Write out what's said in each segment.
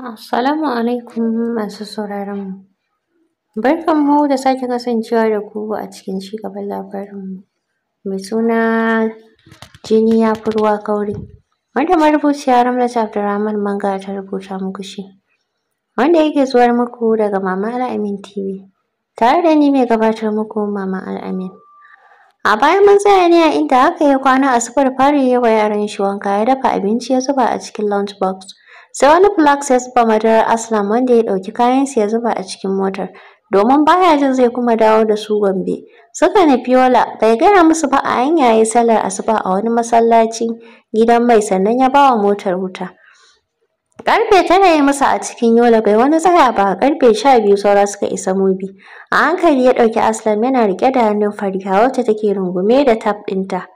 Assalamu alaikum masu sauraron mu. Barkan mu da sake kasancewa da ku a cikin ci gaban labarin mu mai suna jini ya fi ruwa kauri. Wanda marubuciya Ramlat Abdulrahman Manga ta rubuta muku shi. Wanda yake zuwar muku daga Mama Al'amin TV. Tare da ni mai gabatar muku Mama Al'amin. A baya mun tsaya ne a inda haka ya kwana a sufar fari yawa wa yaran shi wanka ya dafa abinci ya zuba a cikin lunch box. Sai wani flax ya zuba madarar Aslam wanda ya ɗauki kayansa ya zuba a cikin motar. Domin baya jin zai kuma dawo da su Gombe. Suka nufi Yola, bai gaya musu ba a hanya ya salar asuba a wani masallaci gidan mai sannan ya bawa motar wuta. Karfe tara ya masa a cikin Yola bai wani tsaya ba karfe sha biyu saura suka isa Mubi. A hankali ya ɗauki Aslam yana rike da hannun Fariha wacce take rungume da tab ɗinta.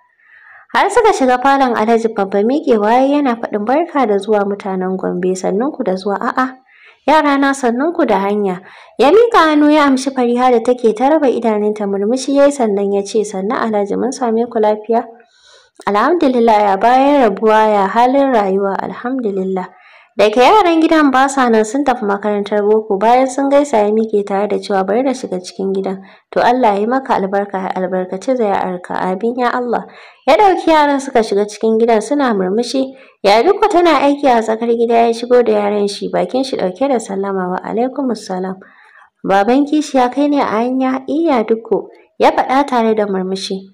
Har suka shiga falon Alhaji babba miƙewa yayi yana faɗin barka da zuwa mutanen Gombe sannan ku da zuwa a'a. Yara na sannan da hanya. Ya mika hannu ya amshi Fariha da take ta raba idanunta murmushi yayi sannan ya ce sannan Alhaji mun same ku lafiya. Alhamdulillah ya bayan rabuwa ya halin rayuwa alhamdulillah. Dake yaran gidan ba sa nan sun tafi makarantar boko bayan sun gaisa ya mike tare da cewa bari da shiga cikin gidan. To Allah ya maka albarka ya albarkaci arka. abin ya Allah. Ya ɗauki yaran suka shiga cikin gidan suna murmushi. Ya Yariko tana aiki a tsakar gida ya shigo da yaran shi bakin shi ɗauke da sallama wa salam." Baban kishi ya kai ne a hanya iya duko ya faɗa tare da murmushi.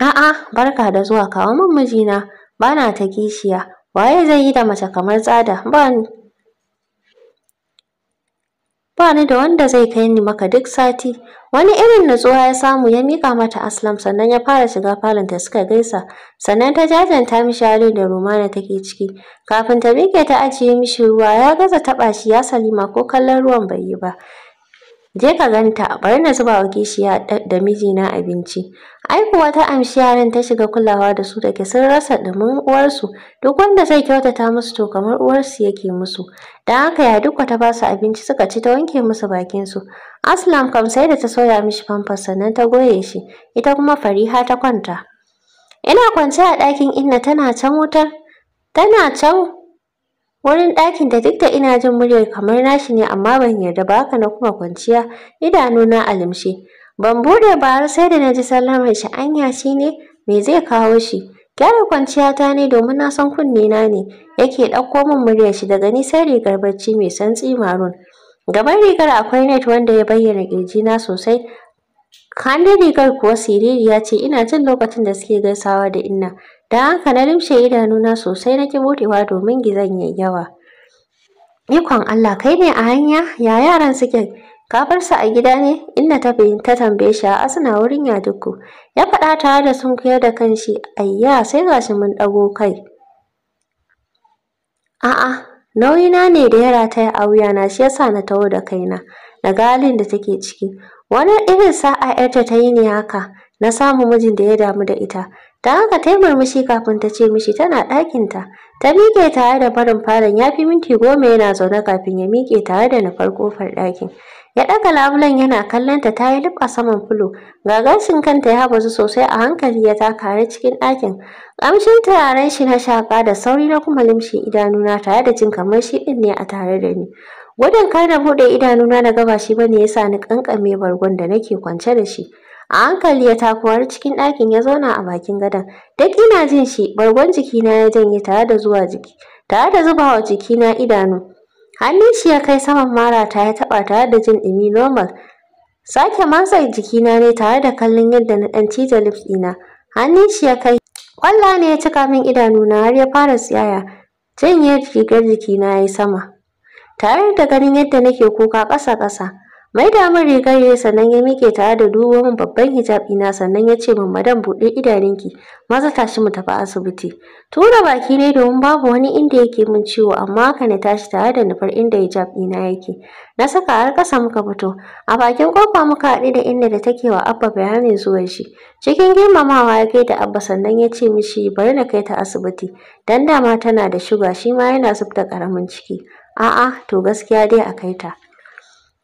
A'a barka da zuwa kawo min mijina bana ta kishiya waye zai yi da mace kamar tsada ba ni ba ni da wanda zai kai ni maka duk sati wani irin natsuwa ya samu ya mika mata aslam sannan ya fara shiga falon ta suka gaisa sannan ta jajanta mishi halin da rumana take ciki kafin ta miƙe ta ajiye mishi ruwa ya gaza taɓa shi ya salima ko kallon ruwan bai yi ba je ka ganta bari na zuba wa kishiya da mijina abinci ai kuwa ta amshi yaran ta shiga kulawa da su da sun rasa dumin uwarsu duk wanda zai kyautata musu to kamar uwarsu yake musu dan haka ya duk ta basu abinci suka ci ta wanke musu bakin su aslam kam sai da ta soya mishi famfas sannan ta goye shi ita kuma fariha ta kwanta ina kwance a ɗakin inna tana can wutar tana can Wurin ɗakin da duk da ina jin muryar kamar nashi ne amma ban yarda ba haka na kuma kwanciya idanuna a limshe. Ban buɗe ba har sai da na ji sallamar shi anya shi ne me zai kawo shi. Gyara kwanciya ta ne domin na san kunne na ne yake ɗauko min muryar shi daga ni sai rigar barci mai santsi maroon. Gaban rigar akwai net wanda ya bayyana ƙirji na sosai. kandin rigar kuwa siririya ce ina jin lokacin da suke gaisawa da inna. Da haka na limshe idanuna sosai na ki buɗewa domin gizan yayi yawa. Ikon Allah kai ne a hanya ya yaran suke ka bar su a gida ne inda ta ta tambaye shi a suna wurin ya duku ya faɗa tare da sun kuyar da kanshi ayya sai gashi mun ɗago kai. A'a nauyina ne da yara ta yi a wuyana shi yasa na taho da kaina na galin halin da take ciki wani irin sa'a yarta ta yi ne haka na samu mijin da ya damu da ita Ta haka ta yi murmushi kafin ta ce mishi tana ɗakin Ta ta miƙe tare da barin falon ya fi minti goma yana zaune kafin ya miƙe tare da nufar kofar ɗakin. Ya ɗaga labulen yana kallon ta yi liɓa saman fulo. Ga gashin kanta ya bazu sosai a hankali ya taka har cikin ɗakin. Ƙamshin turaren shi na shaƙa da sauri na kuma limshe idanuna tare da jin kamar shi ɗin ne a tare da ni. Gudun kar na buɗe idanuna na gaba shi bane ya sa ni ƙanƙame bargon da nake kwance da shi. A hankali ya tako har cikin ɗakin ya zauna a bakin gadon. Duk ina jin shi, bargon jikina ya janye tare da zuwa jiki, tare da wa jikina idanu. Hannun shi ya kai saman marata ya taɓa tare da jin ɗumi normal. Sake matsa jikina ne tare da kallon yadda na ɗan cije lips ɗina. Hannun shi ya kai Kwalla ne ya cika min idanuna har ya fara tsiyaya. Janye rigar jikina ya yi sama. Tare da ganin yadda nake kuka ƙasa-ƙasa. mai da min rigar ya sannan ya mike tare da dubo min babban hijabi na sannan ya ce min madam buɗe idanunki maza tashi mu tafi asibiti tura baki ne domin babu wani inda yake min ciwo amma haka na tashi tare da nufar inda hijab ina yake na saka har ƙasa muka fito a bakin ƙofa muka haɗu da inda da take wa abba bayanin zuwan shi cikin girmamawa ya kai da abba sannan ya ce mishi bari na kai ta asibiti dan dama tana da shuga shi ma yana zubta ƙaramin ciki a'a to gaskiya dai a kai ta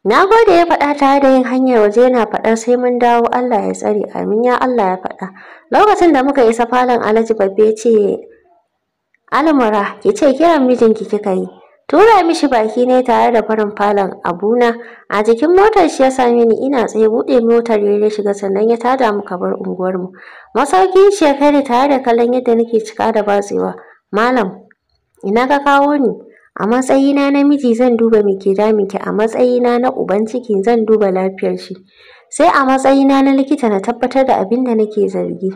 Na gode ya faɗa tare da yin hanyar waje yana faɗar sai mun dawo Allah ya tsare amin ya Allah ya faɗa. Lokacin da muka isa falon Alhaji Babbe ya ce Almura ki ce kiran mijinki kika yi. Tura mishi baki ne tare da farin falon abuna a jikin motar shi ya same ni ina tsaye buɗe motar ya shiga sannan ya tada mu kabar unguwarmu. Masauki shi ya kai tare da kallon yadda nake cika da batsewa. Malam ina ka kawo ni? A matsayina na miji zan duba me ke damunki, a matsayina na uban ciki zan duba lafiyar shi. Sai a matsayina na likita na tabbatar da abin da nake zargi.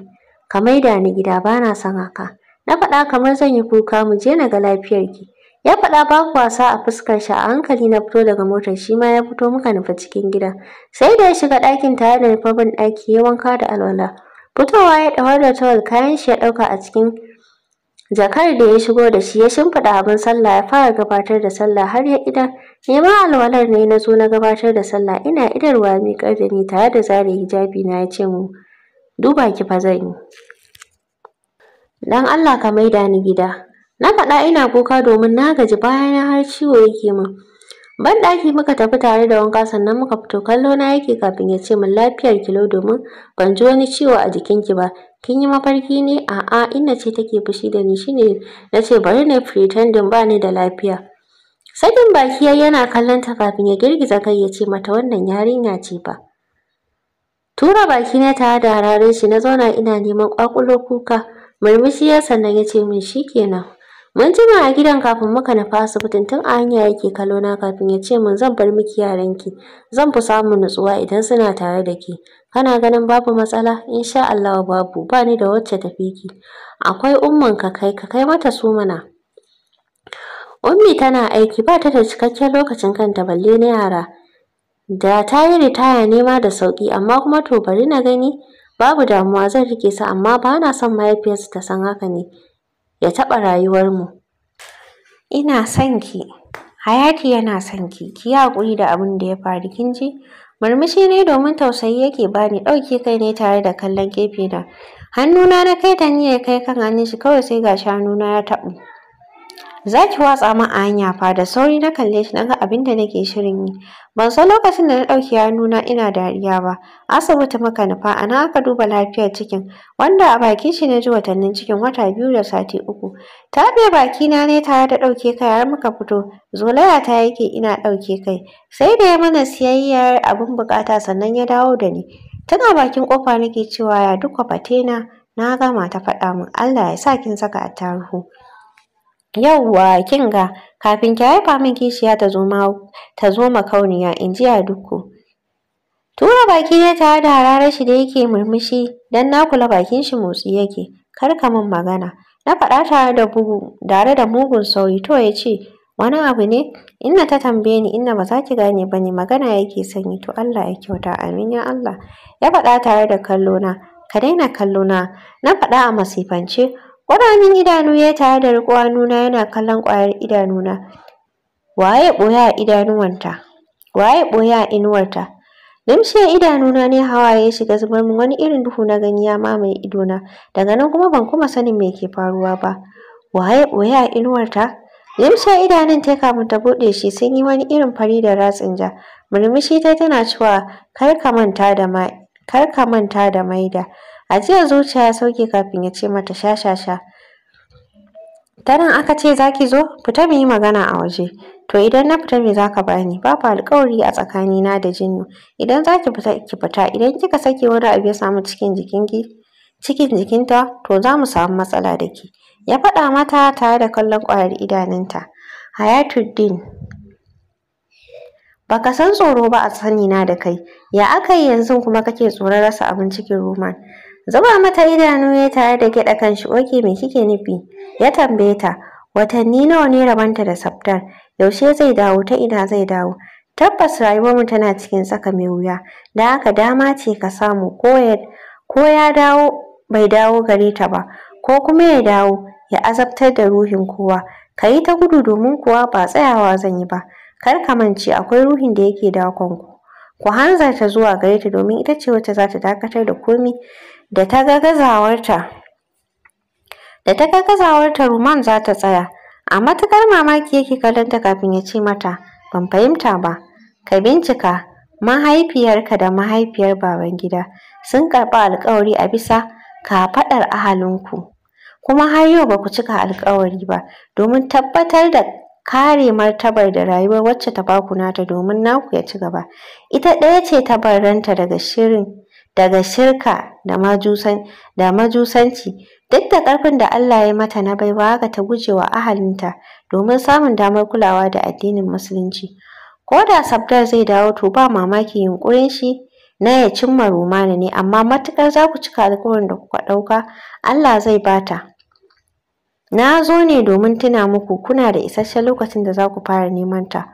Ka maida ni gida bana na son haka. Na faɗa kamar zan yi kuka mu je na ga lafiyarki. Ya faɗa babu wasa a fuskar shi a hankali na fito daga motar shi ma ya fito muka nufa cikin gida. Sai da ya shiga ɗakin tare da nufar ɗaki ya wanka da alwala. Fitowa ya ɗawar da tawal kayan shi ya ɗauka a cikin jakar da ya shigo da shi ya shimfiɗa abin sallah ya fara gabatar da sallah har ya idan ma alwalar ne na zo na gabatar da sallah ina idarwa wa miƙar da ni tare da zare hijabi na ya ce mu duba ki fa zan yi dan Allah ka maida ni gida na faɗa ina kuka domin na gaji bayan har ciwo yake min ban ɗaki muka tafi tare da wanka sannan muka fito kallo na yake kafin ya ce min lafiyar kilo domin ban ji wani ciwo a jikinki ba kin yi mafarki ne a'a inna ce take fushi da ni shine nace bari na pretending ba ni da lafiya sakin baki yana kallon ta kafin ya girgiza kai ya ce mata wannan yarinya ce ba. tura baki na ta da hararin shi na zauna ina neman kwakulo kuka murmushi ya sannan ya ce min shikenan Mun jima a gidan kafin muka nafi asibitin tun a hanya yake kallo na kafin ya ce min zan bar miki yaranki. Zan fi samun nutsuwa idan suna tare da ke. Kana ganin babu matsala? In sha Allah babu, ba ni da wacce tafi ki. Akwai ummanka kai, ka kai mata su mana. Ummi tana aiki ba ta da cikakken lokacin kanta balle na yara. Da ta yi ritaya nema da sauki amma kuma to bari na gani. Babu damuwa zan rike su amma ba na son mahaifiyarsu ta san haka ne. ya taɓa rayuwarmu. Ina son ki, Hayati yana son ki, ki yi haƙuri da abin da ya faru kin ji. Murmushi ne domin tausayi yake bani ɗauki kai ne tare da kallon gefe na. Hannuna na kai ta niyyar kai kan hannun shi kawai sai ga shanuna ya taɓu. za ki watsa min a hanya fa da sauri na kalle shi na ga abin da nake shirin yi ban san lokacin da na ɗauki hannuna ina dariya ba asibiti muka nufa a nan aka duba lafiyar cikin wanda a baki shi na ji watannin cikin wata biyu da sati uku Ta baki na ne tare da ɗauke kai har muka fito zolaya ta yake ina ɗauke kai sai da ya mana siyayyar abin buƙata sannan ya dawo da ni tana bakin ƙofa nake cewa ya duk kwafate na na gama ta faɗa min Allah ya sa kin saka attaruhu yawwa kin ga kafin ki haifa min kishiya ta zo ma ta zo makauniya in ji a duku tura baki ne tare da hararar shi da yake murmushi dan na kula bakin shi motsi yake kar ka min magana na faɗa tare da bugu tare da mugun sauyi to ya ce wani abu ne inna ta tambaye ni inna ba za ki gane ba ne magana yake sanyi to Allah ya kyauta amin ya Allah ya faɗa tare da kallo ka daina kallona na na faɗa a masifance Gwada idanu ya tare da riƙo nuna yana kallon ƙwayar idanuna. Waye ɓoye a idanuwanta? Waye ɓoye a inuwarta? Limshe idanuna ne hawa ya shiga zubar min wani irin duhu na gani ya mamaye idona. Daga nan kuma ban kuma sanin me ke faruwa ba. Waye ɓoye a inuwarta? Limshe idanun ta kafin ta buɗe shi sun yi wani irin fari da ratsin ja. Murmushi ta tana cewa kar ka manta da maida. jiya zuciya ya sauke kafin ya ce mata sha sha sha. aka ce zaki zo, fita mu yi magana a waje. To idan na fita me zaka bani? Babu alƙawari a tsakani na da jinnu. Idan za ki fita ki fita, idan kika sake wani abu ya samu cikin ki cikin jikinta to za mu samu matsala da ki. Ya faɗa mata tare da kallon ƙwayar idanunta. Hayatuddin Baka san tsoro ba a sani na da kai, ya aka yi yanzu kuma kake tsoron rasa abin cikin Roman? zuba mata idanu ya tare da gyaɗa kan shi oke me kike nufi ya tambaye ta watanni nawa ne rabanta da saftar yaushe zai dawo ta ina zai dawo tabbas rayuwarmu tana cikin tsaka mai wuya da haka dama ce ka samu ko ya dawo bai dawo gare ta ba ko kuma ya dawo ya azabtar da ruhin kowa ka yi ta gudu domin kuwa ba tsayawa zan yi ba kar ka mance akwai ruhin da yake dakon ku ku hanzarta zuwa gare ta domin ita ce wacce za ta dakatar da komi da ta ga gazawarta da ta ga gazawarta Ruman za ta tsaya a matukar mamaki yake kallonta kafin ya ce mata ban fahimta ba ka bincika mahaifiyarka da mahaifiyar Babangida sun karɓi alkawari a bisa kafaɗar ahalinku kuma har yau ba ku cika alkawari ba domin tabbatar da kare martabar da rayuwar wacce ta baku nata domin naku ya ci gaba ita ɗaya ce ta ranta daga shirin daga shirka da majusanci duk da ƙarfin da Allah ya mata na baiwa haka ta guje wa ahalinta domin samun damar kulawa da addinin musulunci ko da Sabdar zai dawo to ba mamaki yunƙurin shi na ya cimma Romani ne amma matuƙar za ku cika alƙawarin da kuka ɗauka Allah zai bata na zo ne domin tuna muku kuna da isasshen lokacin da za ku fara neman ta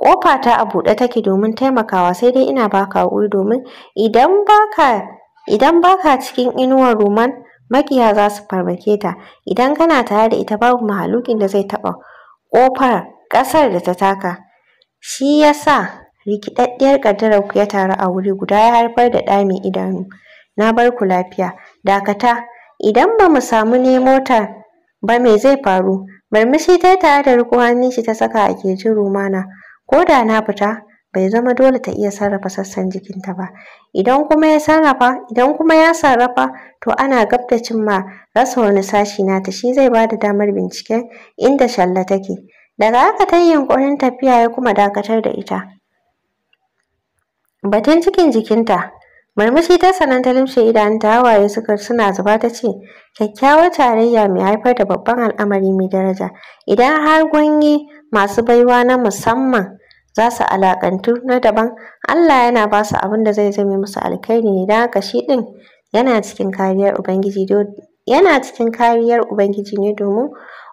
kofa ta a buɗe take domin taimakawa sai dai ina baka haƙuri domin idan baka idan baka cikin inuwar ruman, makiya za su farmake ta idan kana tare da ita babu mahalukin da zai taɓa ƙofar ƙasar da ta taka shi yasa rikidaddiyar ƙaddarar ku ya taru a wuri guda ya haifar da ɗa mai idanu na bar ku lafiya dakata idan ba mu samu ne motar ba me zai faru murmushi ta tare da riko hannun shi ta saka a kejin rumana ko da na fita bai zama dole ta iya sarrafa sassan jikinta ba idan kuma ya sarrafa idan kuma ya sarrafa to ana gab da cimma rasa wani sashi ta, shi zai bada damar binciken inda shalla take daga haka ta yi yunƙurin tafiya ya kuma dakatar da ita batun cikin jikinta murmushi ta sanan ta limshe idanunta hawaye suka suna zuba ta ce kyakkyawar tarayya mai haifar da babban al'amari mai daraja idan har gwanyi masu baiwa na musamman za su alaƙantu na daban Allah yana ba su abin da zai zame musu alkhairi ne don haka shi ɗin yana cikin kariyar Ubangiji ne domin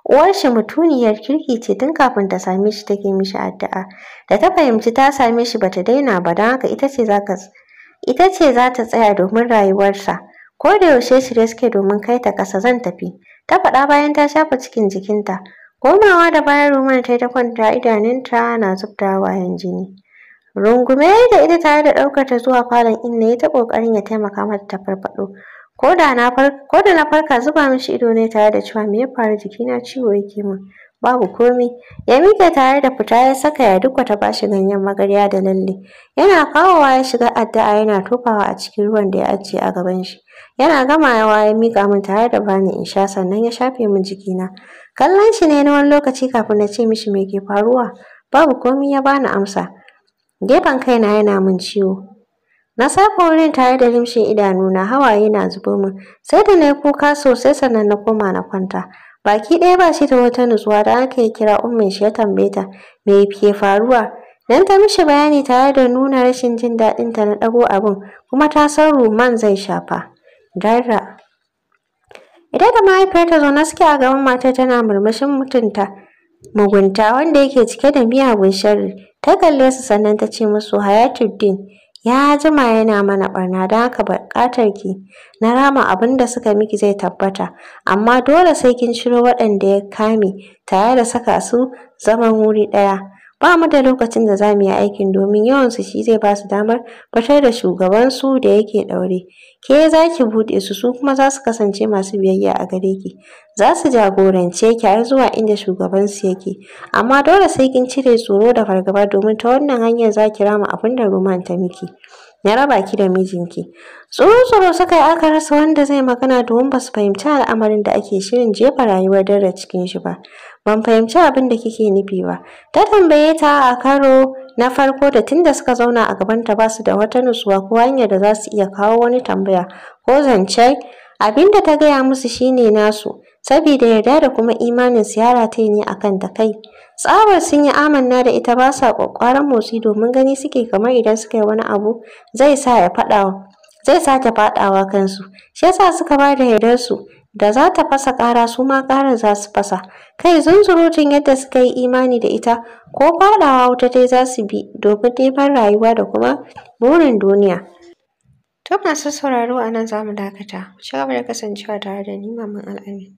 uwar shi mutuniyar kirki ce tun kafin ta same shi take mishi addu'a da ta fahimci ta same shi bata daina ba don haka ita ce za ita ce za ta tsaya domin rayuwarsa ko da yaushe shirye suke domin kai ta kasa zan tafi ta faɗa bayan ta shafa cikin jikinta komawa da bayan Roman ta yi ta kwanta idanunta na zubta bayan jini rungume da ita tare da ɗaukar ta zuwa falon inna ya ta ƙoƙarin ya taimaka mata ta farfaɗo ko da na farka zuba mishi ido ne tare da cewa me ya faru jikina ciwo yake min babu komi ya miƙe tare da fita ya saka ya duk wata bashi ganyen magarya da lalle yana kawowa ya shiga addu'a yana tofawa a cikin ruwan da ya ajiye a gaban shi yana gamawa ya miƙa min tare da bani in sha sannan ya shafe min jikina Kallon shi ne na wani lokaci kafin na ce mishi me ke faruwa. Babu komi ya bani amsa. Gefen kaina yana min ciwo. Na saka wurin tare da limshin na hawaye na zubo min. Sai da na yi kuka sosai sannan na koma na kwanta. Baki ɗaya ba shi da wata nutsuwa da aka yi kira ummin shi ya tambaye ta me ke faruwa. Nan ta mishi bayani tare da nuna rashin jin daɗinta na ɗago abin kuma ta san ruman zai shafa. Dara. Ita da mahaifiyarta zaune suke a gaban matar tana murmushin mutunta mugunta wanda yake cike da miyagun sharri. Ta kalle su sannan ta ce musu Hayatuddin ya jima yana mana ɓarna, don haka buƙatar ki na rama abin da suka miki zai tabbata amma dole sai kin ciro waɗanda ya kame tare da saka su zaman wuri ɗaya. ba mu da lokacin da za mu yi aikin domin yawansu shi zai ba su damar fitar da shugabansu da yake ɗaure ke za ki buɗe su su kuma za su kasance masu biyayya a gare ki za su jagorance ki har zuwa inda shugabansu yake amma dole sai kin cire tsoro da fargaba domin ta wannan hanyar za ki rama abin da Roman ta miki na raba ki da mijinki tsoro-tsoro suka yi aka rasa wanda zai magana domin ba su fahimci al'amarin da ake shirin jefa rayuwar dare cikin shi ba ban fahimci abin da kike nufi ba ta tambaye ta a karo na farko da tunda suka zauna a gabanta ba su da wata nutsuwa ko hanyar da za su iya kawo wani tambaya ko zance abin da ta gaya musu shine nasu saboda yarda da kuma imanin siyara ta ne akan ta kai tsabar sun yi amanna da ita ba sa ƙwaƙƙwaran motsi domin gani suke kamar idan suka yi wani abu zai sa ya faɗawa zai sa ta faɗawa kansu shi yasa suka ba da yardarsu da za ta fasa ƙara su ma ƙarar za su fasa kai zunzurutun yadda suka yi imani da ita ko faɗawa wuta dai za su bi domin neman rayuwa da kuma burin duniya to masu sauraro a nan za mu dakata ku ci gaba da kasancewa tare da ni maman al'amin